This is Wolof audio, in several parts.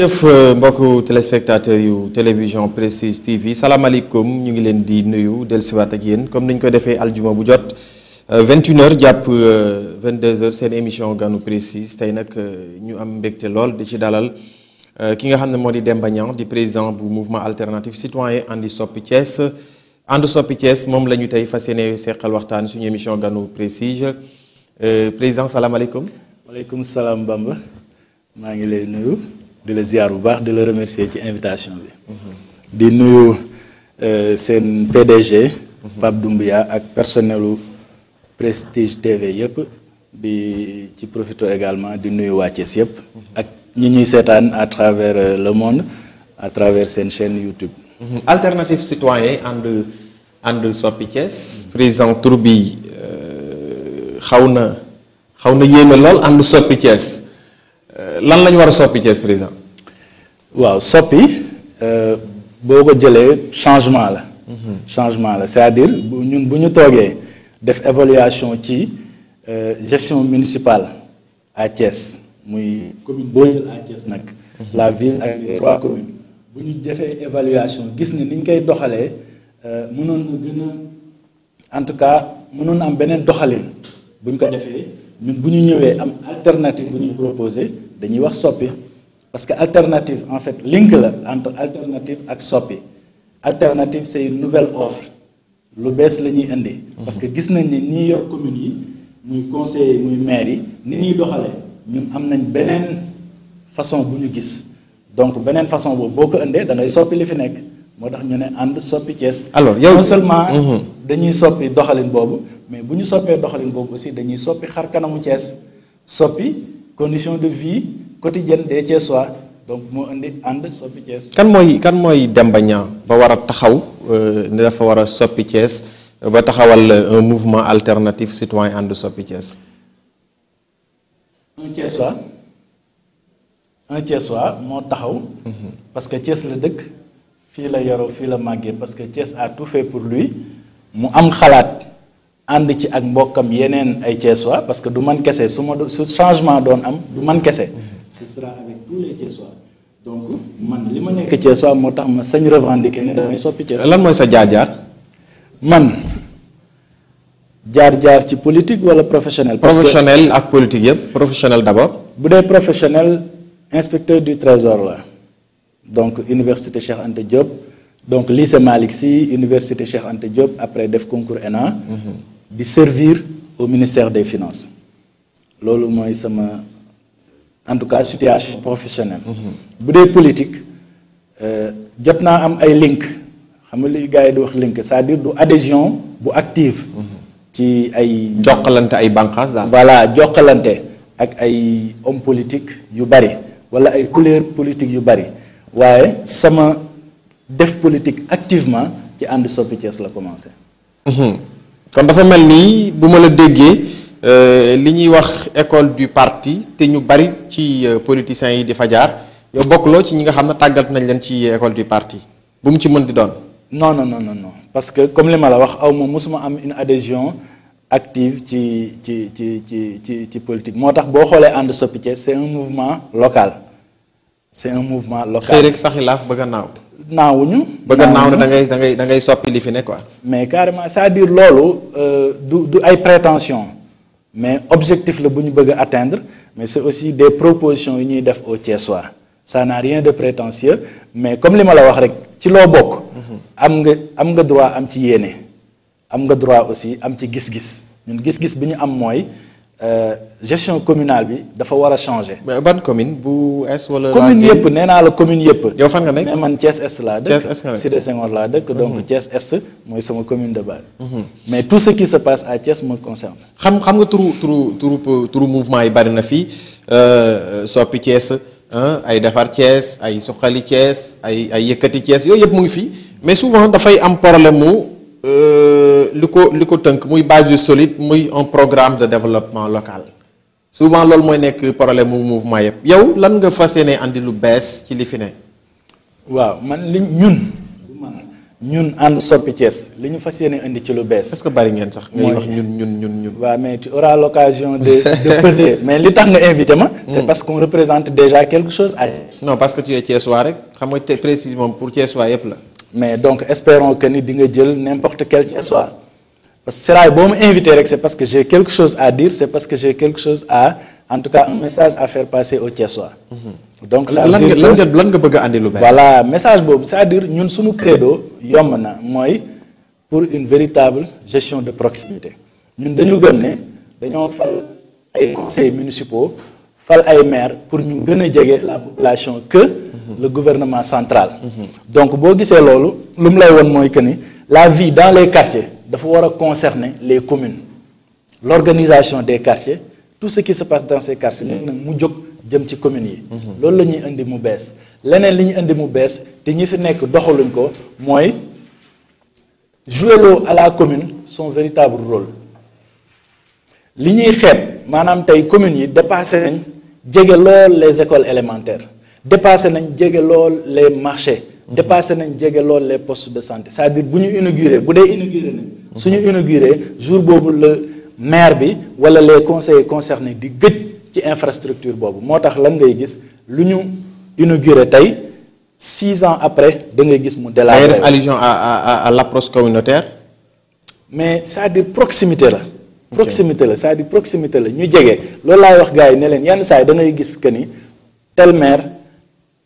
jëf euh, mbokku téléspectateurs yu télévision Prestige TV Salam salaamaaleykum ñu ngi leen di nuyu dellusiwaat ak yéen comme nous ñu ko defee aljuma bu jot 21h euh, jàpp 22h euh, une émission ganu Prestige tey nag ñu am mbégte Nous di ci dalal ki nga xam ne moo di Demba Niang du président du mouvement alternatif citoyen andi soppi Thiès ànd soppi Thiès moom la ñu tey fas yéene seqal waxtaan suñu émission ganu Prestige président salaamaaleykum. maaleykum salam, Bamba maa ngi lay nuyu de les ziar bu baax remercier ci invitation bi. di nuyu euh, seen PDG. Pape Doumbia ak personnel Prestige TV et di ci profito également de nous waa Thiès ak ñi à travers euh, le monde à travers seen chaîne YouTube. Mm-hmm. alternative citoyen André and président tur bi euh, xaw na xaw na yéeme euh, lan la ñu war a soppi Thiès président. waaw soppi euh, boo ko jëlee changement la. Mhm. changement la c'est-à-dire bu ñun bu ñu toogee def évaluation ci euh, gestion municipale à Thiès muy. commune boo jël à Thiès nag. la ville ak trois communes. bu ñu defee évaluation gis ne ni koy doxalee mënoon na gën a en tout cas mënoon am beneen doxalin buñ ko defee ñun bu ñu ñëwee am alternative bu ñuy proposé dañuy wax soppi parce que alternative en fait link la entre alternative ak soppi alternative c'est une nouvelle offre lu bees la ñuy indi. parce que gis nañ ni yor commune yi muy conseiller muy maire yi ni ñuy doxalee ñun am nañ beneen façon bu ñu gis donc beneen façon boobu boo ko indee da ngay soppi li fi nekk moo tax ñu ne ànd soppi Thiès. alors yow non seulement. Mhm. dañuy soppi doxalin boobu mais bu ñu soppee doxalin boobu aussi dañuy soppi xar kanamu Thiès soppi condition de vie quotidienne des Thiessois donc moo indi ànd soppi Thiès. kan mooy kan mooy Demba Niang ba war a taxaw euh, ne dafa war a soppi Thiès ba taxawal euh, un mouvement alternatif citoyen ànd soppi Thiès. un Thiessois un Thiessois moo taxaw. Mhm. parce que Thiess le dëkk fii la Yaro, fii la màggee parce que Thiess a tout fait pour lui mu am xalaat. And ci ak mbokam yenen ay Thiessois parce que du man kese su su changement don am du man kese ce sera avec tous les Thiessois donc man lima nek nekk motax ma sañ revendiquer ne damay soppi Thiessois lan moy sa jaar-jaar man jaar-jaar ci politique wala professionnel professionnel ak politique yëpp professionnel d'abord bu professionnel inspecteur du trésor là donc université Cheikh Anta Diop donc lycée Malick Sy université Cheikh Anta Diop après def concours ENA mhm de servir au ministère des finances loolu mooy sama en tout cas situation professionnelle. Mhm. bu dee politique euh, jot naa am ay link xam nga li gars yi di wax link c'est-à-dire du adhésion bu active. Mhm. ci ay. jokkalante ay bànqaas daal. voilà jokkalante ak ay homme politique yu bari wala ay couleur politique yu bari waye sama def politique activement ci and soppi ties la commencé. Mhm kon dafa mel nii bu ma la déggee euh, li ñuy wax école du parti te ñu bari ci euh, politiciens yi di fa jaar yow bokkuloo ci ñi nga xam ne tàggat nañ leen ci euh, école du parti bu mu ci mën di doon. non non non non parce que comme li ma la wax aw ma mosuma am une adhésion active ci ci ci ci ci ci politique moo tax boo xoolee ànd soppi Thiès c'est un mouvement local c'est un mouvement local mais carrément c'est-à-dire lolo, euh, du du ay prétention mais objectif le bu ñu bëgg atteindre mais c'est aussi des propositions unies ñuy def au Thiessois ça n'a rien de prétentieux mais comme li ma la wax rek ci bokk. Mhm. am nga am nga droit am ci yéene am nga droit aussi am ci gis-gis ñun gis-gis bi ñu am moi. Euh, gestion communale bi dafa war a changer. mais ban commune bu est wala. commune yëpp nee naa la commune yëpp. yow fan nga nekk mais man Thiès Est laa dëkk. Thiès Est nga nekk Cité laa dëkk. donc mhm. Thiès Est mooy sama commune de base. Mhm. mais tout ce qui se passe à Thiès me concerne. xam xam nga turu turu turu turu mouvement yi bari na fii euh, euh, soppi Thiès hein, ay defar Thiès ay suqali Thiès ay ay yëkkati Thiès yooyu yëpp mu ngi fii mais souvent dafay am problème mu. Euh, Le ko li base solide muy un programme de développement local souvent c'est mooy nekk problème mouvement yep. yow lan nga fas yéene andi lu qui ci li fi ne. waaw man li ñun ñun ànd soppi Thiès li ñu andi ci lu est-ce que bari ngeen sax. ngay wax ñun ñun ñun mais tu auras l'occasion de de peser mais li tax nga invité ma. c'est hmm. parce qu'on représente déjà quelque chose à. non parce que tu es Thiessois rek sais précisément pour Thiessois la mais donc espérons que nous di nga n'importe quel qu'il soit parce que si je invité c'est parce que j'ai quelque chose à dire c'est parce que j'ai quelque chose à en tout cas un message à faire passer au Thiessois. Mhm. donc ça voilà message c'est-à-dire nous sommes credo yomb na pour une véritable gestion de proximité Nous, nous donner, nous devons fal ay conseils municipaux fal ay maires pour nous donner la population que le gouvernement central. donc si vous avez la vie dans les quartiers doit concerner les communes l'organisation des quartiers tout ce qui se passe dans ces quartiers mm-hmm. nous mu jóg jëm ci communes C'est ce la ñuy faire. mu jouer à la commune son véritable rôle. Ce ñuy nous maanaam tey yi les écoles élémentaires dépasser les marchés. dépasser les postes de santé c'est-à-dire buñu si budé inaugurer jour maire bi les conseillers concernés di gëj ci infrastructure bobu que lan ngay gis six ans après da ngay gis mu. à l'approche communautaire. mais ça a dire proximité Nous proximité c'est-à-dire proximité la que tel maire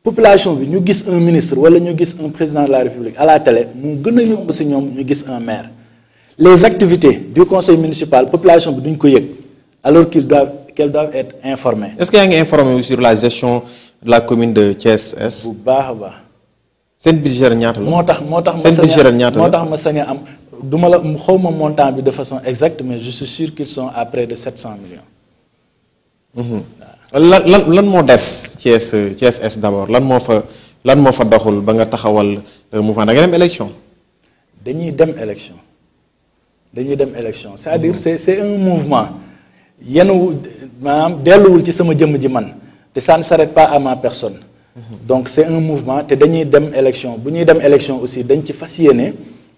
population bi ñu gis un ministre wala ñu gis un président de la république à la télé mo gëna un maire les activités du conseil municipal population bi duñ ko alors qu'ils doivent qu'elles doivent être informées. est-ce y a ngi informé sur la gestion de la commune de Thiès C'est bu baax C'est budget ñaata la pas montant de façon exacte mais je suis sûr qu'ils sont à près de 700 millions. -hmm lan lan lan moo des Thiès Thiès d'abord lan mo fa lan mo fa doxul ba nga taxawal euh, mouvement da nga dem élection. dañuy dem élection dañuy dem élection c'est-à-dire c'est c'est un mouvement yenu manam delouul ci sama jëmm ji man te ça ne s'arrête pas à ma personne. Mm-hmm. donc c'est un mouvement te dañuy dem élection bu ñuy dem élection aussi dañ ci fassiyene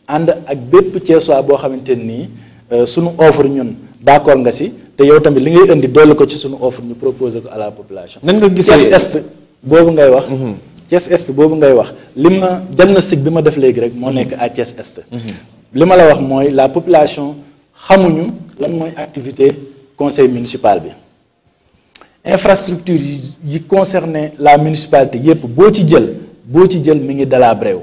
and ak bépp Thiessois boo xamante nii euh, suñu offre ñun d'accord nga ci te yow tamit li ngay indi dolli ko ci suñu offre ñu proposer ko à la population. nan nga gisee Thiès Est boobu ngay wax. Mm-hmm. Thiès Est boobu ngay wax li ma diagnostic bi ma def léegi rek moo nekk à Thiès Est. Mm-hmm. li ma la wax mooy la population xamuñu lan mooy activité conseil municipal bi infrastructure yi yi concerné la municipalité yépp boo ci jël boo ci jël mi ngi délabré wu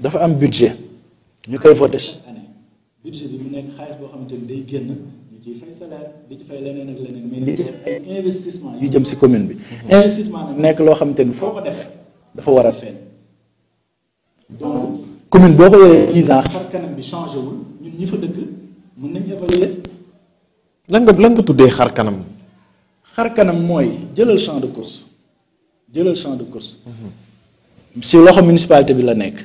dafa am budget ñu koy voté. année budget bi mu nekk xaalis boo xamante ni day génn ñu ciy fay salaire di ci fay leneen ak leneen mais li ay investissement yu jëm si commune bi. Mhm. investissement nag nekk loo xamante ni foo ko def dafa war a feeñ. donc commune boo ko yoree 10 ans xar kanam bi changé wul ñun ñi fa dëkk mën nañu évaluer. lan nga lan nga tuddee xar kanam. xar kanam mooy jëlal champ de course jëlal champ de course. Mhm. si loxo municipalité bi la nekk.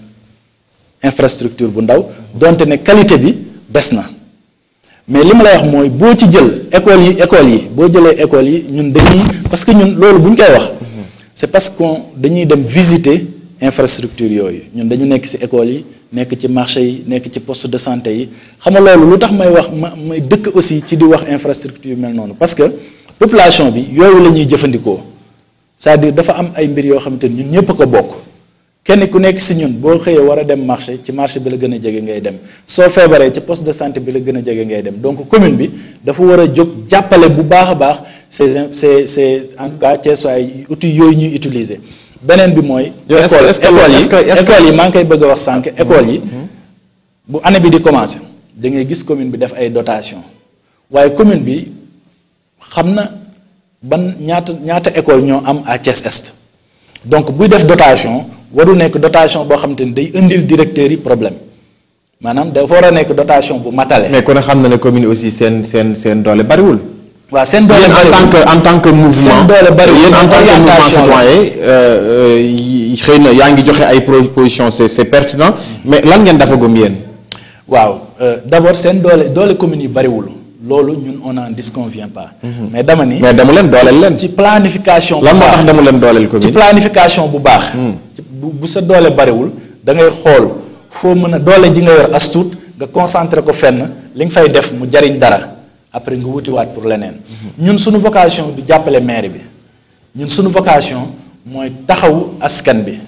infrastructure bu ndaw donte ne qualité bi besna mais li lay wax moy bo ci jël école yi école yi bo jëlee école yi ñun dañuy parce que ñun loolu buñ koy wax c'est parce qu'on dañuy dem visiter infrastructure yooyu ñun dañu nekk ci école yi nekk ci marché yi nekk ci poste de santé yi xam nga loolu lu tax may wax may dëkk aussi ci di wax infrastructure yu mel noonu parce que population bi yooyu la ñuy jëfandikoo c'est-à-dire dafa am ay mbir yoo xamante ñun ñëpp ko bokk kenn ku nekk si ñun boo xëyee war a dem marché ci marché bi la gën a jege ngay dem soo feebaree ci poste de santé bi la gën a jege ngay dem donc commune bi dafa war a jóg jàppale bu baax a baax ces ces ces en tout cas ces soit outils yooyu ñuy utiliser beneen bi mooy. école école yi école yi maa ngi koy bëgg a wax sànq école yi. Mm-hmm. bu année bi di commencé da ngay gis commune bi def ay dotation waaye commune bi xam na ban ñaata ñaata école ñoo am à Thiès Est donc buy def dotation waru nekk dotation boo xam te ni day indil directeur yi problème maanaam da war a nekk dotation bu matale. mais kon xam na ne commune aussi seen seen seen doole bariwul. waaw seen doole bariwul en tant que en tant que mouvement seen doole bariwul en tant que mouvement citoyen euh, euh, xëy na yaa ngi joxe ay proposition c'est c'est pertinent mais lan ngeen dafa gëm yéen. waaw euh, d'abord seen doole doole commune yi bariwul loolu ñun on n'en disconvient pas. Mhm. mais dama ni. mais dama len dolel len ci planification. la baax lan moo tax dama len dolel ko ci planification bu baax. Mhm. bu bu sa doole bariwul da ngay xol fo meuna dole ji nga yor as nga concentrer ko fenn li nga fay def mu jariñ dara après nga wat pour lenen mhm. ñun suñu vocation du jappelé maire bi ñun suñu vocation moy taxawu askan bi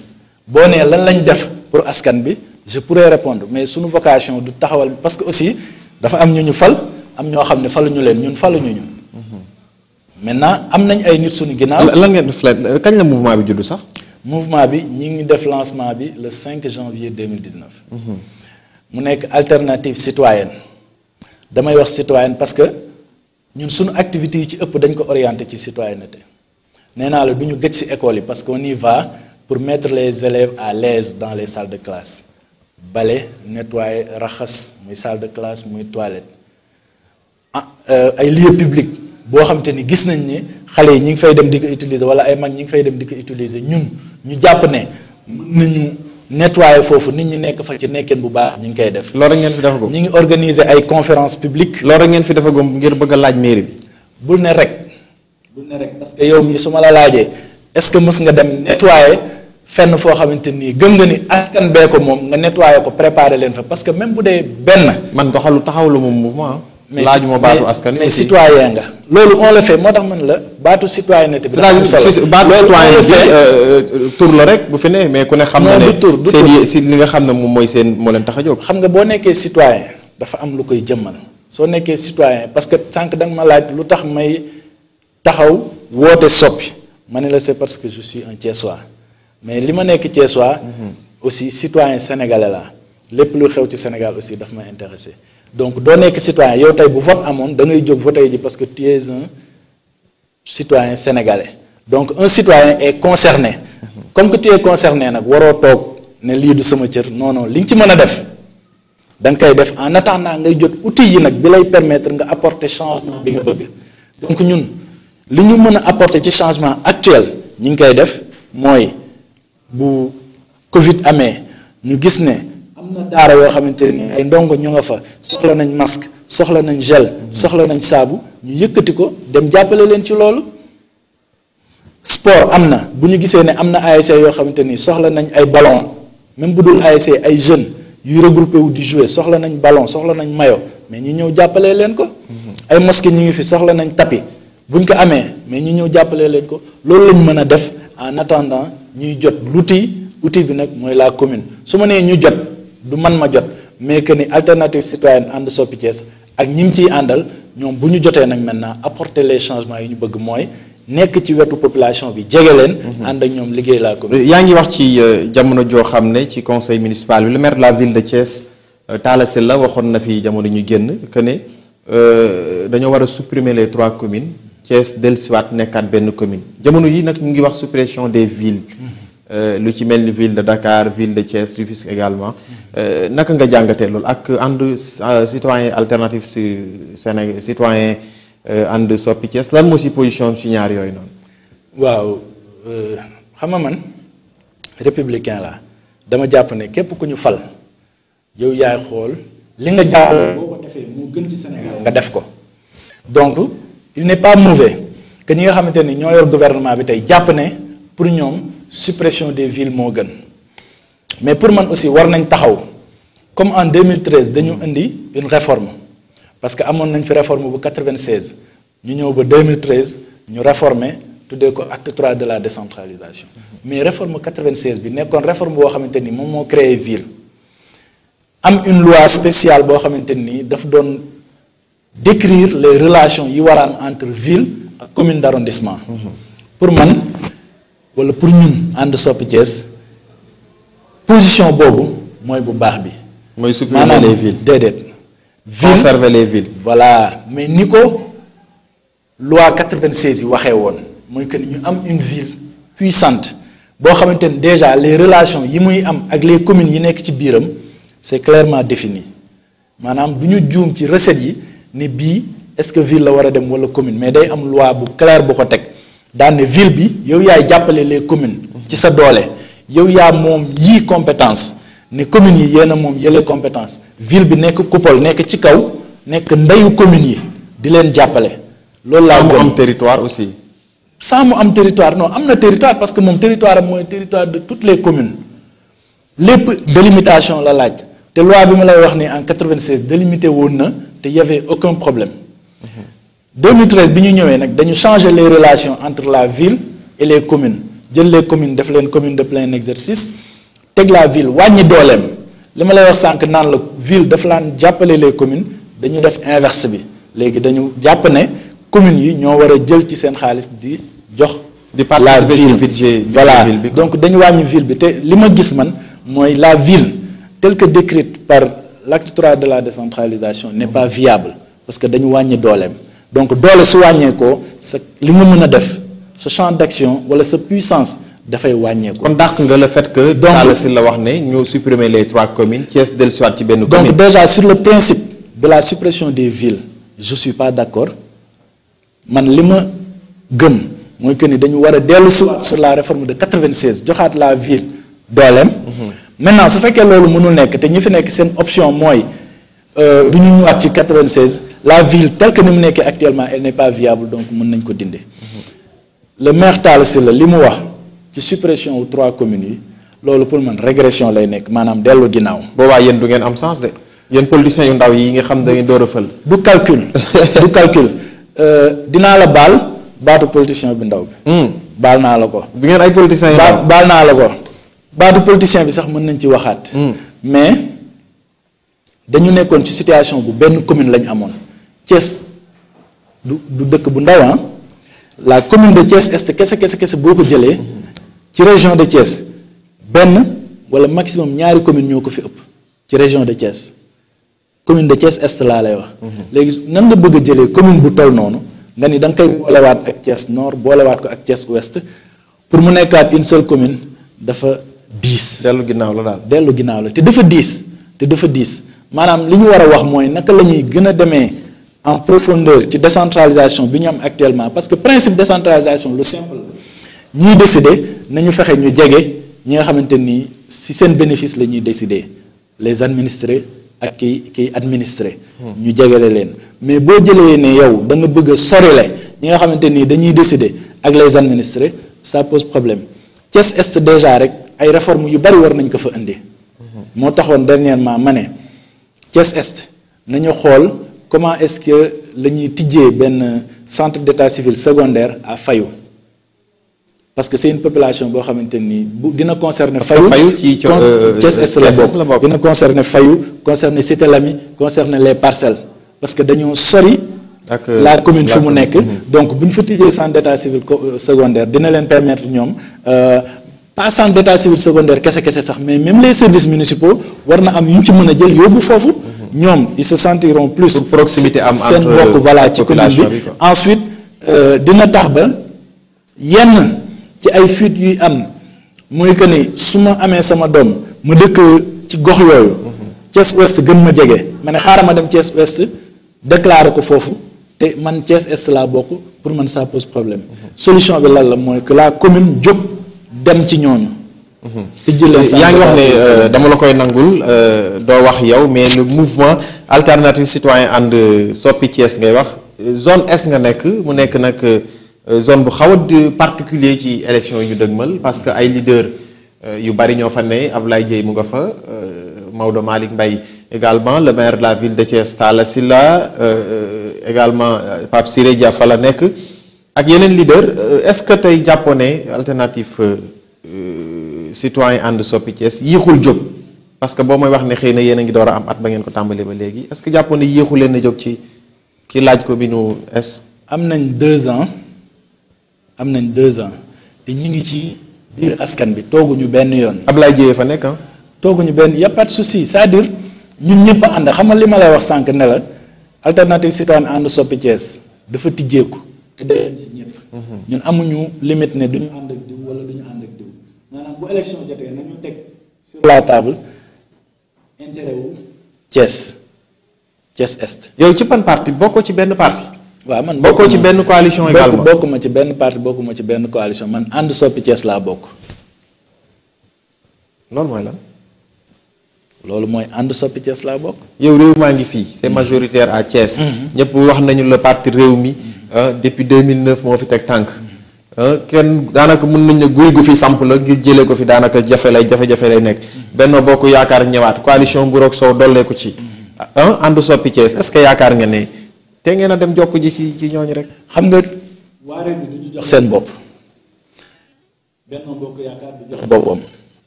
bo né lan lañ def pour askan bi je pourrais répondre mais suñu vocation du taxawal parce que aussi dafa am ñu ñu fal am ñoo xam ne faluñu leen ñun ñu. maintenant am nañ ay nit suñu ginnaaw. lan ngeen Quel kañ la mouvement bi ça Le mouvement bi ñi ngi def lancement le 5 janvier 2019. mu nekk alternative citoyenne. damay wax citoyenne parce que ñun suñu activité yi ci ëpp dañ ko ci citoyenneté Nous, naa la du école parce que on y va pour mettre les élèves à l'aise dans les salles de classe Ballet, nettoyer raxas muy salle de classe muy toilette. Ah, euh, ay lieu public bo xamanteni gis nañ ni xalé yi ñi fay dem diko utiliser wala ay mag ñi fay dem diko utiliser ñun ñu japp ne nañu nettoyer fofu nit ñi nekk fa ci nekkene bu baax ñi ngi koy def loolu ngeen fi ko ñi ngi organiser ay conférence publique loolu ngeen fi defagum ngir bëgg laaj mairie bi bul ne rek bul ne rek parce que yow mi suma la est ce que mëss nga dem nettoyer fenn fo xamanteni gëm nga ni askan be ko mom nga nettoyer ko préparer len fa parce que même bu dé ben man doxalu taxaw la mouvement laaju moo baatu askan mais citoyen nga loolu on moo tax man la baatu citoyenneté bi dafa am solo baatu citoyen euh, euh, tur la rek bu fi ne mais ku ne xam na ne si li nga xam ne moom mooy seen moo leen tax nga boo nekkee citoyen dafa am lu koy jëmmal soo nekkee citoyen parce que sànq da nga ma laaj lu tax may taxaw woote soppi ma ne la c'est parce que je suis un Thiessois mais li ma nekk Thiessois mhm. aussi citoyen sénégalais la les plus xew ci Sénégal aussi doivent m'intéresser. donc donnez que citoyen yow tey bu vote amoon da ngay voter parce que tu es un citoyen sénégalais donc un citoyen est concerné comme que tu es concerné nag waroo toog ne lii du sama non non ce que ci mën a def def en attendant ngay jot outils yi nag bi permettre nga apporter changement bi nga donc ñun li ñu nous apporter ci changement actuel ñi ngi koy def mooy bu Covid amee ñu gis am na xamante ni ay ndongo ñu nga fa soxla nañ masque soxla nañ gel soxla nañ saabu ñu yëkkati ko dem jàppale leen ci loolu am na bu ñu gisee ne am na ASC yoo xamante ni soxla nañ ay ballon même bu dul ase ay jeunes yuy regrouper wu di jouer soxla nañ ballon soxla nañ maillot mais ñi ñëw jàppale leen ko ay mosquée ñi ngi fi soxla nañ tapi buñ ko amee mais ñu ñëw jàppale leen ko loolu lañ mën a def en attendant ñuy jot l'outil outil bi nag mooy la commune su ma nee ñu jot du man ma jot mais que ni alternative citoyenne ànd soppi ak ñim ci andal ñom buñu joté nak maintenant apporter les changements yi ñu bëgg moy nekk ci wetu population bi jege leen. Mhm. ànd ak ñoom liggéey laa ko. yaa ngi wax ci euh, jamono jo xamné ne ci conseil municipal le maire de la ville de Thiès euh, Talla Sylla la waxoon na fi jamono ñu génn que né euh, dañoo war a supprimer les trois communes Thiès dellusiwaat nekat ben commune jamono yi nak mu ngi wax suppression des villes. Mhm. Euh, lu ci mel ni ville de Dakar ville de Thiès Rufisque également euh, naka nga jangate lol ak and euh, citoyen alternative si Sénégal citoyen ànd soppi Thiès lan mo ci position si ñaar yooyu noonu. waaw xam nga man républicain la dama japp ne képp ku ñu fal yow yaay xol li nga jàpp boko défé mo gën ci Sénégal nga def ko. donc il n'est pas mauvais que ñi nga xamante ni ñoo yor gouvernement bi tay japp ne pour ñom suppression des villes Mogan. mais pour moi aussi war nañ comme en 2013 dañu indi une réforme parce que avons fait une réforme bu 96 ñu réforme ba 2013 nous réformer tout de acte 3 de la décentralisation mais réforme 96 bi une réforme qui a créé une ville am une loi spéciale qui a décrire les relations entre ville et commune d'arrondissement pour moi wala pour ñun ànd soppi Thiès position bobu moy bu baax bi. moy supprimer les villes maanaam ville conserver les villes. voilà mais niko loi 96 yi waxé won moy que ñu am une ville puissante bo xamante déjà les relations yi muy am ak les communes yi nekk ci biram c'est clairement défini manam duñu joom ci recette yi ne bi est-ce que ville la wara dem wala commune mais day am loi bu claire bu ko dans la ville bi yow yaay jàppale les communes ci sa doole yow yaa moom yii compétences. ne communes yi yéen a moom compétences. ville bi nekk coupole nekk ci kaw nekk ndeyu communes yi di leen jàppale. loolu laa gën territoire aussi. Sans mu am territoire non am territoire parce que moom territoire est mooy territoire de toutes les communes Les délimitation la laaj te loi bi ma lay wax ni en 96 délimité woon na y avait aucun problème. Mhm. 2013 nous avons changé les relations entre la ville et les communes les communes def leen commune de plein exercice teg la ville wàññi dooleem ville ma lay wax que la ville nous laan jàppale les communes dañu def inverse bi léegi dañu communes yi ñoo ville jël ci di jox. voilà donc ville bi que je gis la ville telle que décrite par l'acte 3 de la décentralisation n'est pas viable parce que nous dañu wàññi ville donc doole le ko, ce li nga def ce champ d'action wala cette puissance de wàññeeku. kon on nga le fait que. donc Talla la wax nous supprimer les trois communes Thiès est ci benn commune. donc déjà sur le principe de la suppression des villes je suis pas d'accord man lima ma gëm mooy que ni dañu war a dellu sur la réforme de 96 joxaat la ville dooleem. Mhm. maintenant su fekkee loolu mënul que te ñi fi nekk seen option mooy euh, du ñu l'article 96 la ville telle que nous mu actuellement elle n'est pas viable donc mën nañ ko dindi le maire Tal, c'est le mu wax ci suppression aux trois communes yi pour man régression lay nekk maanaam dellu ginnaaw. boobaa yéen du am sens de yéen politiciens yu ndaw yi nga xam da ngeen door a fël. du calcul du calcul euh, dinaa la bal baatu politicien bi ndaw bi. Hmm. baal la ko. bi ngeen ay politiciens yu ndaw baatu politicien bi sax mën nañ ci waxaat. Hmm. mais dañu nekkoon ci situation bu nous commune lañ amoon. Thiès du du dëkk bu ndaw ah. la commune de Thiès est kese kese kese boo ko jëlee ci région de Thiès benn wala maximum ñaari commune ñoo ko fi ëpp ci région de Thiès commune de Thiès est laa lay wax. Mhm. léegi nan nga bëgg a jëlee commune bu tol noonu nga ni da nga koy boolewaat ak Thiès nord boolewaat ko ak Thiès ouest pour mu nekkaat une seule commune dafa diis. dellu ginnaaw la daal dellu ginnaaw la te dafa diis te dafa diis maanaam li ñu war a wax mooy naka la ñuy gën a demee en profondeur la décentralisation bi ñu actuellement parce que principe décentralisation le simple nous décidons, décider nañu fexe ñu nous ñi nga xamante ni si bénéfice la décider les administrés ak qui qui administrer. Hmm. ñu leen mais si nous ne yow da nga bëgg a ñi nga décider les administrés ça pose problème quest que Est déjà avec, ay réformes yu bari war nañ ko fa indi. Hmm. moo quest dernièrement que c'est? Nous Est nañu comment est-ce que la ñuy ben centre d'état civil secondaire à Fayou parce que c'est une population boo xamante nii bu concerner Fayou qui euh, Est la bokk dina concerner Fayou concerner Cité Lamy concerner les parcelles parce que nous sori ak la euh, commune fi mu donc bu ñu fa tijjee centre d'état civil euh, secondaire dina l'en permettre euh, pas centre d'état civil secondaire Qu'est-ce que c'est ça mais même les services municipaux war na am yu ñu ci mën a jël ils se sentiront plus. pour proximité am entre seen mbokk voilà ci commune bi ensuite euh, dina yenn ci ay fuites am dit que ni su que sama dit mu dëkk ci gox yooyu. Thiès Ouest Ouest te man Thiès Est pour man ça pose problème mhm. solution bi la que la commune dem yaa ngi wax ne euh, dama la koy nangul euh, doo wax yow mais le mouvement alternative citoyen and euh, soppi Thiès ngay wax zone S, nga nekk mu nekk nag zone bu xaw a particulier ci élection yu ñu dëgmal parce que ay leader yu bari ñoo fa ne Ablaye Dieye mu nga fa Maodo Malick Mbaye également le maire de la ville de Thiès Talla Silla également Pape Siré Dia fa la nekk ak yeneen leader est-ce que tey jàppoo ne alternative citoyen ànd soppi Thiès yéexul jóg parce que boo mooy wax ne xëy na yéen a ngi door a am at ba ngeen ko tàmbali ba léegi est jàppoon ne leen jóg ci laaj ko bi nu es am nañ deux ans am nañ deux ans te ñu ngi ci biir askan bi tooguñu benn yoon. ab Ablaye Dieye fa nekk ah. tooguñu benn y a pas de souci c'est-à-dire ñun ñëpp a ànd xam li ma lay wax sànq ne la alternative citoyenne ànd soppi Thiès dafa tijjeeku. ñun amuñu limite ne duñu ànd maanaam bu élection jotee nañu teg sur la table intérêt wu cees Thiès Est. yow ci pan parti bokkoo ci benn parti. waaw man bokkoo ci benn coalition également bokk ma ci benn parti bokkuma ci benn coalition man ànd soppi Thiès laa bokk. loolu mooy lan. loolu mooy ànd soppi Thiès laa bokk. yow réew maa ngi fii c'est mm-hmm. majoritaire à Thiès. Mm-hmm. ñëpp wax nañu la parti réew mi euh, depuis 2009 moo fi teg tànk. Eh, Ken, danaka mën nañ ne guy gu fi samp la ngir jëlee ko fi danaka jafe lay jafe-jafe lay nekk benn bokk yaakaar ñëwaat coalition nguroog sow dollee ko ci ah, ah, andu soppi Thiès est ce que yaakaar nga ne te ngeen a dem jokk ji ci ci ñooñu rek xam nga waaree bi ñu jox seen bopp benn bokk yaakaar du jox boppam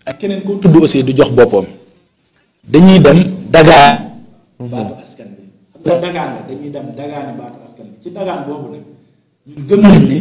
ak keneen ko tudd aussi du jox boppam dañuy dem dagaan baatu askan bi xam nga dagaan la dañuy dem dagaani baatu askan bi ci dagaan boobu nag ñu gëm nañ ni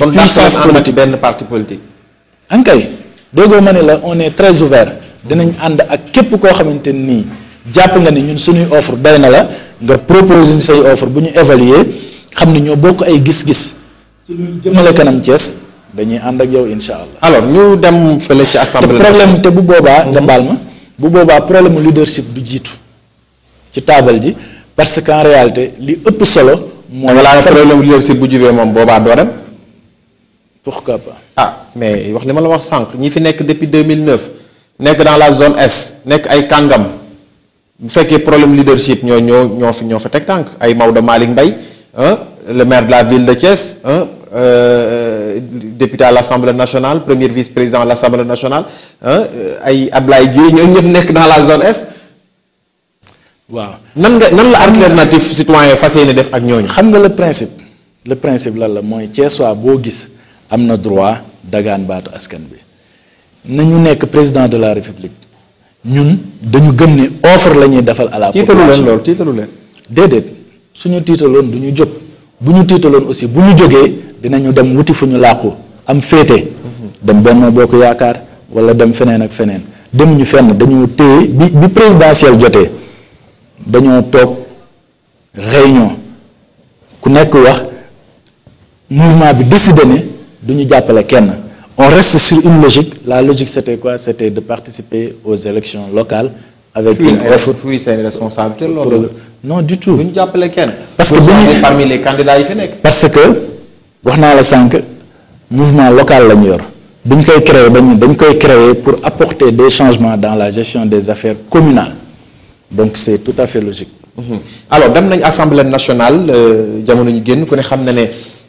comme puissance politique. Ben parti politique. ankay déggoo ma on est très ouvert dinañ and ak képp ko xamante japp nga ni ñun suñuy offre doy la nga proposer une say offre buñu évaluer xam ñoo bokk ay gis-gis. ci lu jëmale kanam Thiès dañuy and ak yow inshallah. alors ñu dem fële ci assemblée. te problème te bu boba nga mhm. baal ma bu boba problème mu leadership du jitu ci table ji parce qu'en réalité li ëpp solo. mooy problème leadership bu jubee mom boba do dem pourquoi pas. ah mais il va ma la wax sànq ñi depuis 2009 nekk dans la zone S, nekk ay Kangam. fait que problème leadership nous ñoo ñoo fi ñoo fa teg tànk ay Maodo Malick hein, le maire de la ville de Thiès hein, euh, député à l'Assemblée nationale premier vice-président à l'Assemblée nationale hein, ay Ablaye Dièye ñoo ñëpp dans la zone S. waaw nan l'alternative nan la alternative citoyen fas yéene def ak ñooñu. xam le principe le principe lan la Thiès gis. am na droit dagaan baatu askan bi na ñu nekk président de la république ñun dañu gëm ne offre la ñuy defal à la population tiitalu leen loolu tiitalu leen suñu tiitaloon du ñu jóg bu ñu tiitaloon aussi bu ñu jógee dinañu dem wuti fu ñu làqu am féete dem benn bokk yaakaar wala dem feneen ak feneen dem ñu fenn dañoo téye bi bi présidentielle jotee dañoo toog réunion ku nekk wax mouvement bi décidé ne on reste sur une logique la logique c'était quoi c'était de participer aux élections locales avec une offre c'est une responsabilité non du tout. parce que bu pas parmi les candidats parce que wax naa le mouvement local la ñu yor créé, koy créé pour apporter des changements dans la gestion des affaires communales donc c'est tout à fait logique. Mhm. alors dans l'assemblée nationale euh, jamono ñu dit ku ne xam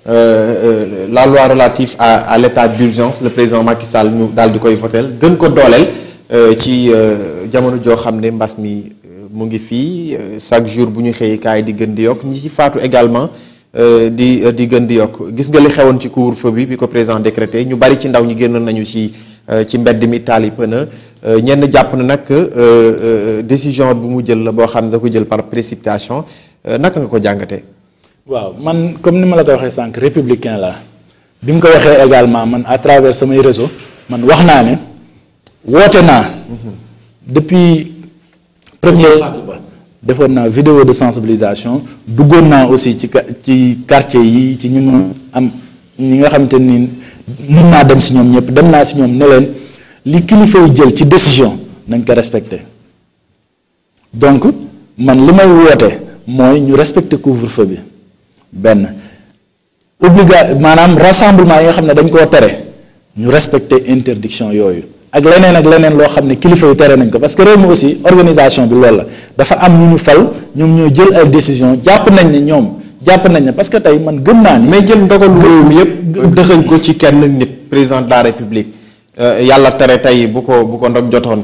euh, euh, la loi relative à à l'état d'urgence le président Macky Sall ñu dal di koy voteel gën ko dolel euh, ci euh, jamono jo xamné mbass mi mu ngi fi chaque jour bu ñu xëyee kaay di gën di yokk ñi ci faatu également di di gën di yokk gis nga li xewon ci couvre-feu bi bi ko président décrété ñu bari ci ndaw ñi génnoon nañu ci ci mbedd mi taali ñen japp na nag décision bu mu jël la boo da ko jël par précipitation nak nga ko jangaté waaw man comme ni ma la ko waxee sànq républicain la bi mu ko waxee également man à travers samay réseau man wax naa ne woote naa depuis premier defoon naa video de sensibilisation duggoon naa aussi ci ci quartier yi ci ñi ma am ñi nga xamante ni mën naa dem si ñoom ñëpp dem naa si ñoom ne leen li kilifa yi jël ci décision nañ ko respecté donc man lu may woote mooy ñu respecté couvre-feu bi benn obliga maanaam rassemblement yi nga xam ne dañ koo tere ñu respecter interdiction yooyu ak leneen ak leneen loo xam ne kilifa yi tere nañ ko parce que réew mi aussi organisation bi loolu la dafa am ñu ñu fal ñoom ñoo jël ay décision jàpp nañ ne ñoom jàpp nañ ne parce que tey man gëm naa ni. mais jël ndogalu réew mi yëpp dëxañ ko ci kenn nit président de la république euh, yàlla tere tey bu ko bu ko ndog jotoon.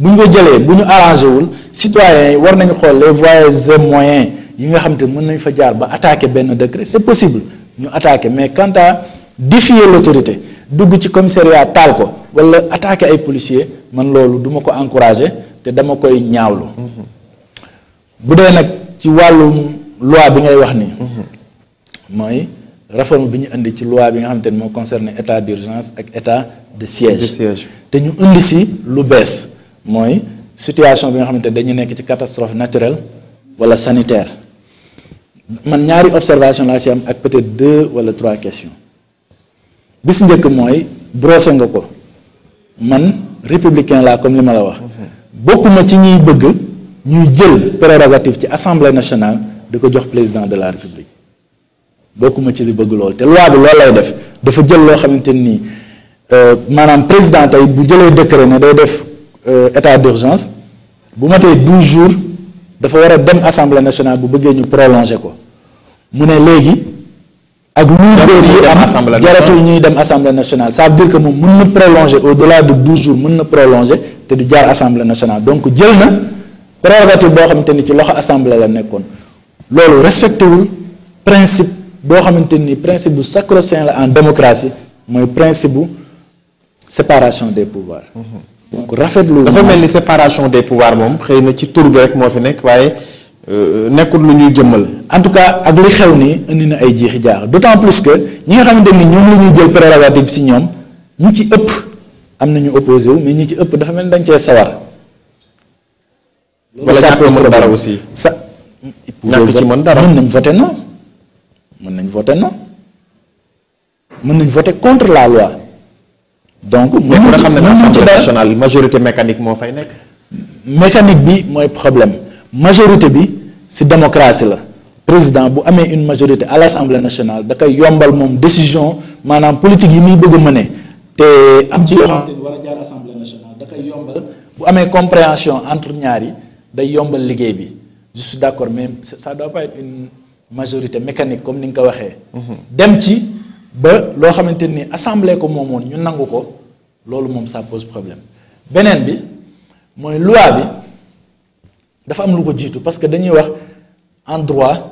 bu ñu ko jëlee bu ñu arrangé wul citoyens yi war nañu xool les voies et moyens yi nga xam te mën nañ fa jaar ba attaquer benn décret c'est possible ñu attaquer mais quant à défier l'autorité dugg ci commissariat taal ko wala attaquer ay policiers man loolu du ma ko encourager te dama koy ñaawlu. bu dee nag ci wàllum loi bi ngay wax ni. mooy réforme bi ñu indi ci loi bi nga xam te ne moo état d'urgence ak état de siège. de siège te ñu indi si lu bees. mooy situation bi nga xamante dañu nekk ci catastrophe naturel wala sanitaire man ñaari observation laa ci am ak peut-être deux wala trois questions bis njëkk mooy brosser nga ko man républicain laa comme li ma la wax bokkuma ci ñuy bëgg ñuy jël prérogative ci assemblée nationale di ko jox président de la république bokkuma ci li bëgg loolu te loi bi loolu lay def dafa jël loo xamante nii euh, maanaam président tey bu jëlee décret ne day def Euh, état d'urgence bu matee 12 jours il war que dem assemblée nationale bu bëggee ñu prolonger ko mu ne que ak lourdeur yi am jaratul assemblée nationale ça veut dire que mën prolonger au-delà de 12 jours mën na prolonger te du assemblée nationale donc jël na prérogative boo xamante ni ci loxo assemblée la nekkoon loolu respecté principe le principe du sacro-saint en démocratie le principe séparation des pouvoirs mhm. donc rafetlu. dafa mel ni séparation des pouvoirs moom xëy na ci tur bi rek moo fi nekk waaye euh, nekkul lu ñuy jëmmal. en tout cas ak li xew ni indi na ay jeex jeexi jaax d' autant plus que ñi nga xamante ni ñoom la ñuy jël prérogative si ñoom ñu ci ëpp am nañu opposé wu mais ñu ci ëpp dafa mel ni dañ cee sawar. wala ñàkk a mën aussi. sa ñàkk ci mën dara mën nañ voté non mën nañ voté non mën nañ voté contre la loi. donc ñu pour xam ne assemblée nationale majorité mécanique moo fay mécanique bi moy problème majorité bi ci démocratie la président bu amé une majorité à l'assemblée nationale da kay yombal mom décision manam politique yi muy bëgg a té am ci yoo xam ne assemblée nationale da kay yombal bu amé compréhension entre ñaar yi day yombal liguey bi je suis d'accord mais ça doit pas être une majorité mécanique comme ni nga waxé mm-hmm. dem ci ba lo xamanteni ni assemblée ko momone ñu nanguko lolu mom moom ça pose problème benen bi moy loi bi dafa am lu ko jitu parce que dañuy wax en droit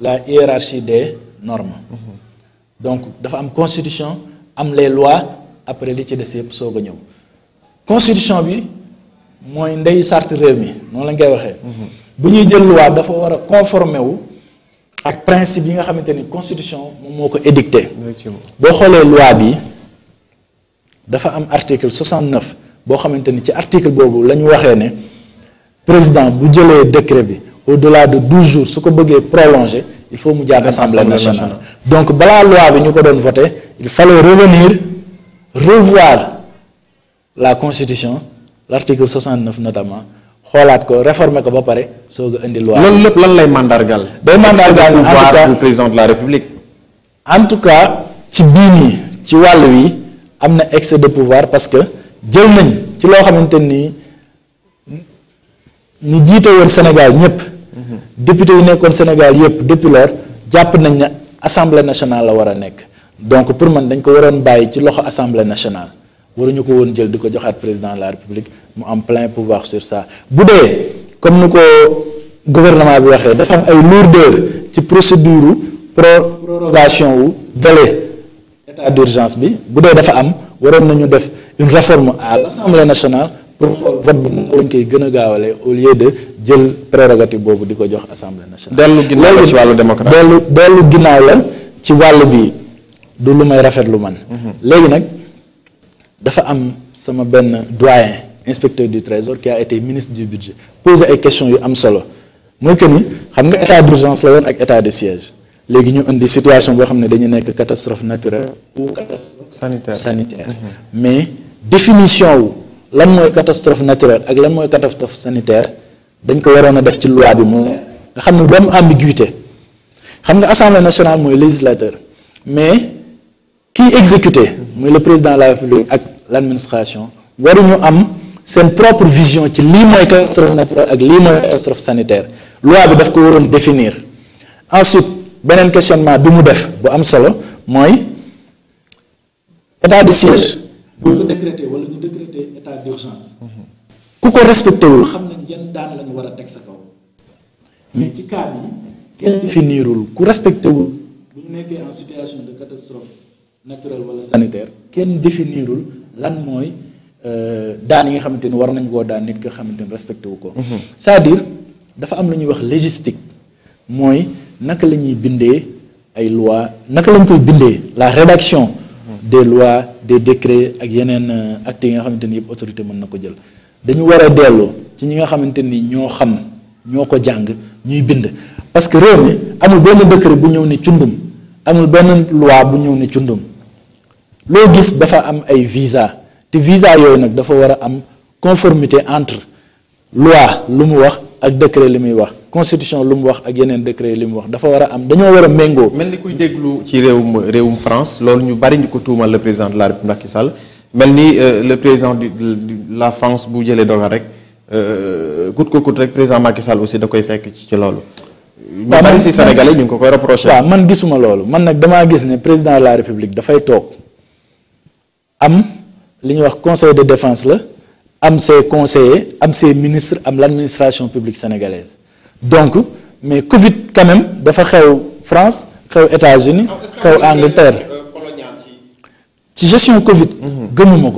la hiérarchie des normes mm-hmm. donc dafa am constitution am les lois après li ci des yëpp constitution bi moy ndey sart réew mi non la ngay waxee mm-hmm. bu ñuy jël loi dafa wara conformer wu le principe de nga constitution moom moo ko édicté. boo xoolee loi bi dafa am article 69 boo xamante ci article boobu la ñu waxee président bu jëlee décret au-delà de 12 jours su ko bëggee prolonger il faut mu jaar assemblée nationale. donc balaa loi bi ñu ko il fallait revenir revoir la constitution l'article 69 notamment xolaat ko réformer ko ba pare soog a indi loi loolu lépp lan lay mandargal day mandargal en tout cas président de la république en tout cas ci bii nii ci wàll wi am na excès de pouvoir parce que jël nañ ci loo xamante ni ñi jiite woon sénégal ñëpp député yi nekkoon sénégal yëpp depuis lors jàpp nañ ne assemblée nationale la war a nekk donc pour man dañ ko waroon bàyyi ci loxo assemblée nationale waruñu ko woon jël di ko joxaat président de la république mu am plein pouvoir sur ça boudé comme nous ko gouvernement bi waxé dafa am ay lourdeur ci procédure prorogation ou délai état d'urgence bi boudé dafa am waron nañu def une réforme à l'Assemblée nationale pour vote bu nag lañ koy gën a au lieu de jël prérogative bobu di jox assemblée nationale. delu ginnaw ci walu démocratie delu delu ginnaw la ci walu bi du lu may lu man. Mhm. légui nak dafa am sama ben doyen. inspecteur du trésor qui a été ministre du budget pose des questions à am solo mooy que ni xam nga état d'urgence la à état de siège Les ñu indi situation boo xam ne a catastrophe naturelle ou catastrophe sanitaire mais définition où la catastrophe naturelle et de la catastrophe sanitaire dañ ko a def ci ambiguïté L'Assemblée nga assemblée nationale mooy législateur mais qui exécute le président de la république ak l'administration nous am une propre vision ci lii mooy catastrophe naturelle ak li moy catastrophe sanitaire loi bi daf ko waroon définir ensuite benen questionnement bi mu def bu am solo moy état de siège. bu ko décréter wala ñu décréter état d'urgence. ku ko respecté wul. xam nañ yan daan la ñu war sa kaw. Hmm. mais ci cas bi kenn définirul ku respecté wul. bu ñu nekkee en situation de catastrophe naturelle wala sanitaire Quel définirul lan moy Euh, daan yi nga xamante ni war nañ koo daan nit nga xamante ni respecté wu ko. Mhm. cest à dafa am lu ñuy wax légistique mooy naka la ñuy bindee ay lois naka lañ koy bindee la rédaction. Mhm. des lois des décrets ak yeneen euh, actes yi nga xamante ni yëpp autorité mën na ko jël dañu war a dellu ci ñi nga xamante ni ñoo xam ñoo ko jàng ñuy bind parce que réew mi amul benn décret bu ñëw ne cundum amul benn loi bu ñëw ne cundum loo gis dafa am ay visa Il visa avoir conformité entre loi et le décret La constitution et le décret Il faut avoir dafa mengo am dañoo war a France loolu ñu bari le président de la République euh, le président de la France bu président de euh, rek président Macky Sall aussi il koy fekk ci loolu. ñu bari si Sénégalais ñu ko koy reproché. waaw man gisuma loolu man nag damaa gis président de la République le conseil de défense ses conseillers am ses ministres l'administration publique sénégalaise donc mais Covid quand même dafa xew France xew États-Unis xew Angleterre euh, ci gestion Covid. Mhm.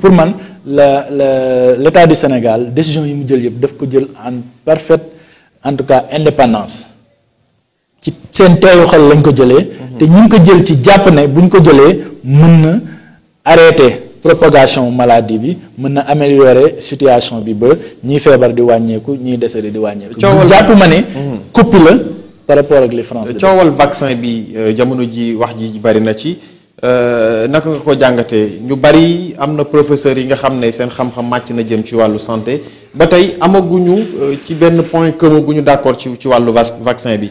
pour man l'État du Sénégal décision yi mu en parfaite en tout cas indépendance ci lañ ko mhm. ko arrêter propagation maladie bi mëna améliorer situation bi ba ñi feebar di wàññeeku ñi décédé di wàññeeku. coowal jàpp ma couple la par rapport avec les français. Euh, coowal vaccin bi euh, jamono ji wax ji bari na ci euh, naka nga ko jangaté ñu bari amna professeur yi nga xamné seen xam-xam match na jëm ci walu santé batay amaguñu ci ben point commun gu d'accord ci ci walu vaccin bi.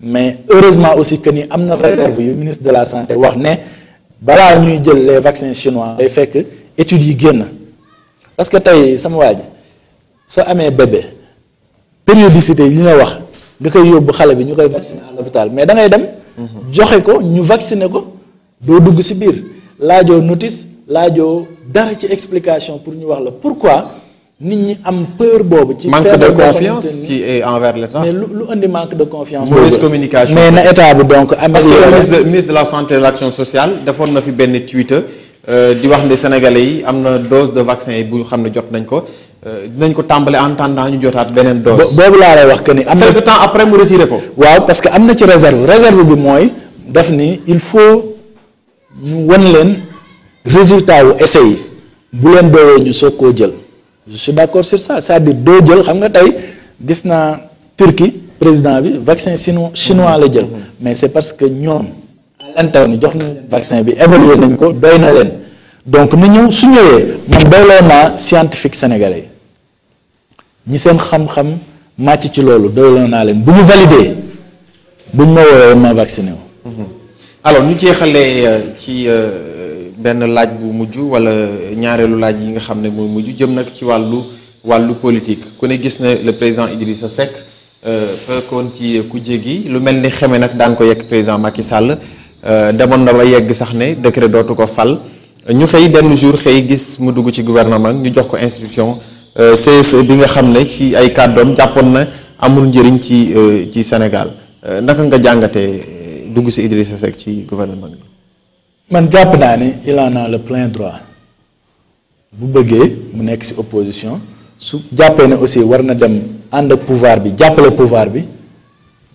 mais heureusement aussi que nous avons réservé réserve ministre de la santé wax ne fait ñuy les vaccins chinois parce que sama un bébé. bébé périodicité wax nga à l'hôpital mais da notice explication pour nous pourquoi nit ñi am peur boobu. ci manque de confiance ci eh, envers l'État. mais lu lu manque de confiance. mauvaise communication mais na état bi donc. parce que ministre de la santé et de l'action sociale defoon na fi benn Twitter euh, di wax ne sénégalais yi am dose de vaccin yi bu xam ne jot nañ ko euh, dinañ ko tàmbale en attendant ñu jotaat beneen dose. boobu la lay wax que ni am temps après mu retiré ko. waaw parce que am na ci réserve réserve bi mooy daf ni il faut ñu won leen résultat wu essai yi bu leen doyoo ñu soog koo je suis d'accord sur ça c'est-à-dire deux xam Turquie président le vaccin chinois mais c'est parce que nous, à l'interne vaccin bi donc nous, nous su scientifique sénégalais Nous seen xam-xam ci lolu doy nous Nous vacciné mhm. alors ñu euh, euh, ben laaj bu mujj wala ñaarelu laaj yi nga xam moy mooy jëm nak ci walu walu politique ku ne gis na le président Idrissa Seck euh fekkoon ci ku gi lu melni xamé nak dang ko yegg président Macky Sall euh demoon na ba yegg sax ne décret dotu ko fal ñu xey ben jour xey gis mu dugg ci gouvernement ñu jox ko institution euh CSE bi nga xam ci ay kàddoom japon na amul njëriñ ci euh, ci Sénégal euh, naka nga jàngatee euh, dugg ci Idrissa Seck ci gouvernement man jàpp naa ni il en a le plein droit bu bëggee mu nekk ci opposition su jàppee ne aussi war na dem ànd ak pouvoir bi jàppale pouvoir bi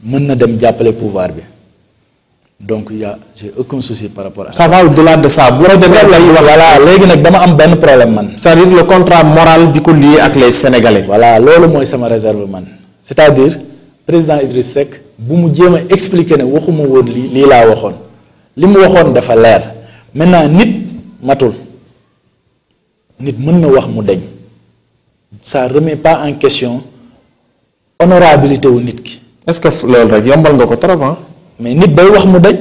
mën na dem jàppale pouvoir bi donc y' a j'ai aucun souci par rapport à ça. ça va au-delà de ça. bu la demee lay wax voilà léegi nag dama am benn problème man. c'est-à-dire le contrat moral bi ko lié ak les sénégalais. voilà loolu mooy sama réserve man c'est-à-dire président Idriss Seck bu mu jéem a expliquer ne waxuma woon lii lii laa waxoon li waxone dafa leer maintenant nit matul nit mën na wax mu deñ ça remet pas en question honorabilité wu nit ki. est-ce que loolu rek yombal nga ko trop hein mais nit bay wax mu deñ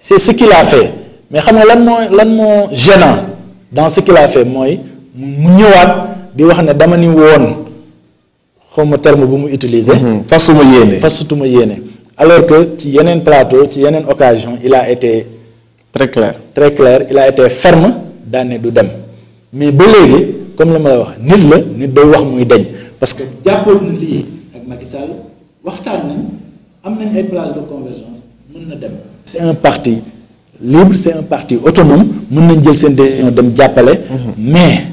c'est ce qu'il a fait mais xam nga lan moo lan moo gênant dans ce qu'il a fait mooy mu ñëwaat di wax ne dama ni woon xaw ma terme bu mu utiliser. Mm-hmm. fasuma yéene fasutuma yéene alors que ci un plateau ci une occasion il a été très clair très clair il a été ferme dans du dem mais ba comme le ma ni wax nit la nit day wax muy parce que jàppoon na dit, ak Macky Sall waxtaan nañ am nañ ay place de convergence mën na dem c'est un parti libre c'est un parti autonome mën nañ c'est seen décision dem jàppale mm-hmm. mais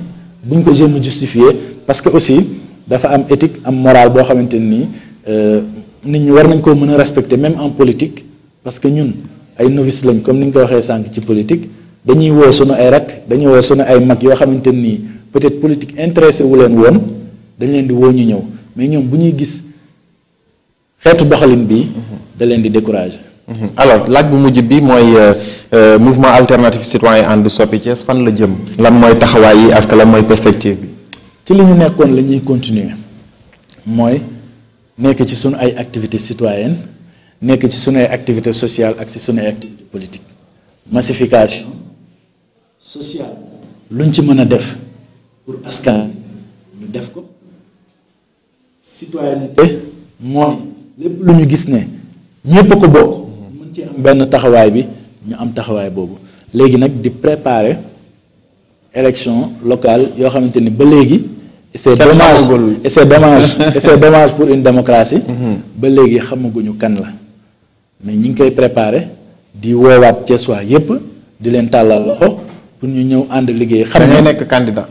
buñ ko j'ai a justifier parce que aussi dafa am éthique am morale boo xamante nii euh, nit ñi war nañ koo mën respecter même en politique parce que ñun ay novices, lañ comme ni nga ko waxee sànq ci politique dañuy woo sunu ay rak dañuy woo sunu ay mag yo xamanteni nii peut-être politique intéressé wu leen woon dañ leen di wo ñu ñew mais ñom buñuy gis xeetu doxalin bi da leen di décourager. Mhm. alors laaj bu mujj bi moy euh, euh, mouvement alternatif citoyen ànd soppi Thiès fan la jëm. lan moy taxawaay ak lan moy perspective bi. ci li ñu nekkoon la ñuy continuer mooy nek ci sunu ay activités citoyennes si ci sunu activités sociales ak ci activités politiques massification sociale luñ def pour ñu def ko citoyenneté ko am bi ñu am di préparer élection locale yo c'est dommage et c'est dommage et c'est dommage pour une démocratie mhm. ba léegi xamaguñu kan la mais ñi ngi koy préparer di woowaat Ceesuwaa yépp di leen tàllal loxo pour ñu ñëw ànd liggéey xam jatogol. nekk candidat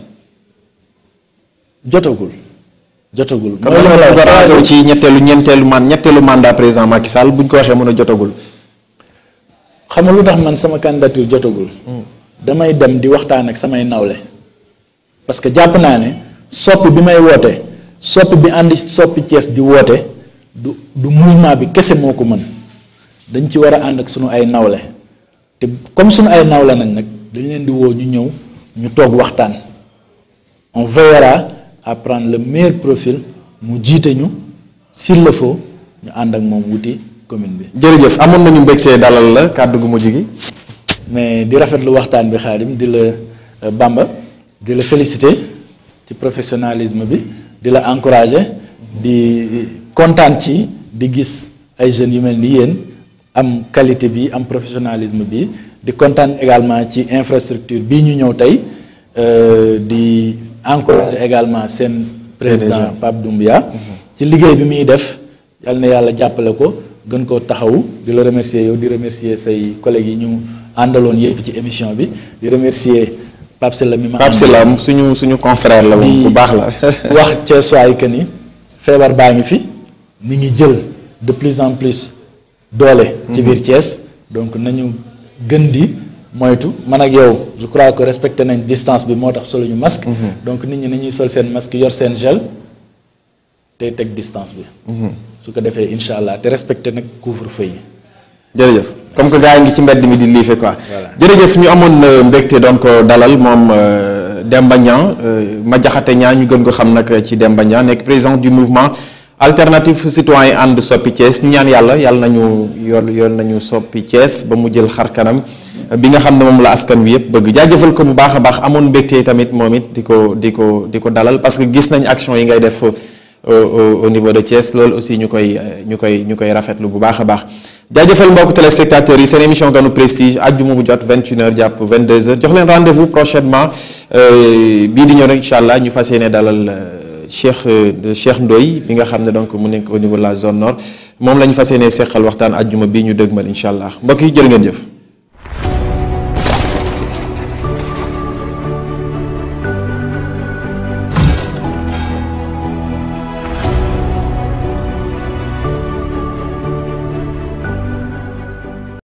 jotagul jotagul mooy ci ñetteelu ñeenteelu man ñetteelu mandat président Macky Sall buñ ko waxee mën a jotagul xam nga lu tax man sama candidature jotagul mm. damay dem di waxtaan ak samay nawle parce que jàpp naa soppi bi may wote soppi bi andi soppi ties di wote du du mouvement bi kese moko man dañ ci wara and ak sunu ay nawle te comme sunu ay nawle nañ nak dañ leen di wo ñu ñew ñu tok waxtaan on veillera à prendre le meilleur profil mu jité ñu s'il le faut ñu and ak mom wuti commune bi. jërëjëf amon nañu mbégte dalal la kaddu gu mu jigi mais di lu waxtaan bi xaadim di le euh, bamba di le féliciter. le professionnalisme bi l'encourager la encourager di kontaan ci di ay jeunes yu mel ni la qualité bi am professionnalisme bi di contenter également ci infrastructure bii ñu ñëw de euh, di encourager également le président Pape Doumbia ci que bi muy def yal na yàlla jàppale ko gën ko taxawu di la remercier yow di remercier say collègues yi ñu andalon yëpp ci émission bi di remercier Pape Selam suñu suñu confrère la un bu la. wax que de plus en plus d'olé. ci mhm. donc nañu gën moi moytu je crois que respecter la distance bi moo masque. Mhm. donc nous ñi nañuy sol masque yor gel distance Ce que mhm. ko defee fait, Inch'Allah, respecter couvre-feu jërëjëf comme que gars yi ngi ci mbedd mi di liife quoi. jërëjëf ñu amoon euh, mbégte doon ko dalal moom euh, Demba Niang ma jaxate ñaa ñu gën ko xam nag ci Demba Niang nekk président du mouvement alternative citoyen ànd soppi Thiès ñu ñaan yàlla yàlla nañu yoon yoon nañu soppi Thiès ba mu jël xar kanam bi nga xam ne moom la askan wi yëpp bëgg jaajëfal ko bu baax a baax amoon mbégte tamit moom it di ko di ko di ko dalal parce que gis nañ action yi ngay def. au niveau de Thiès Lol aussi ñu koy ñu koy ñu koy rafetlu bu baax baax jaajëfal mbokk téléspectateurs yi une émission nous prestige àjjuma bu jot 21h jàpp 22h jox leen rendez-vous prochainement euh, bii di ñëw rek incha le ñu fas dalal euh, Cheikh euh, Cheikh Ndoye bi nga xam donc mu nekk au niveau de la zone nord moom la ñu fas yéene seqal waxtaan àjjuma bii ñu dëgmal inshallah allah mbokk yi jëf.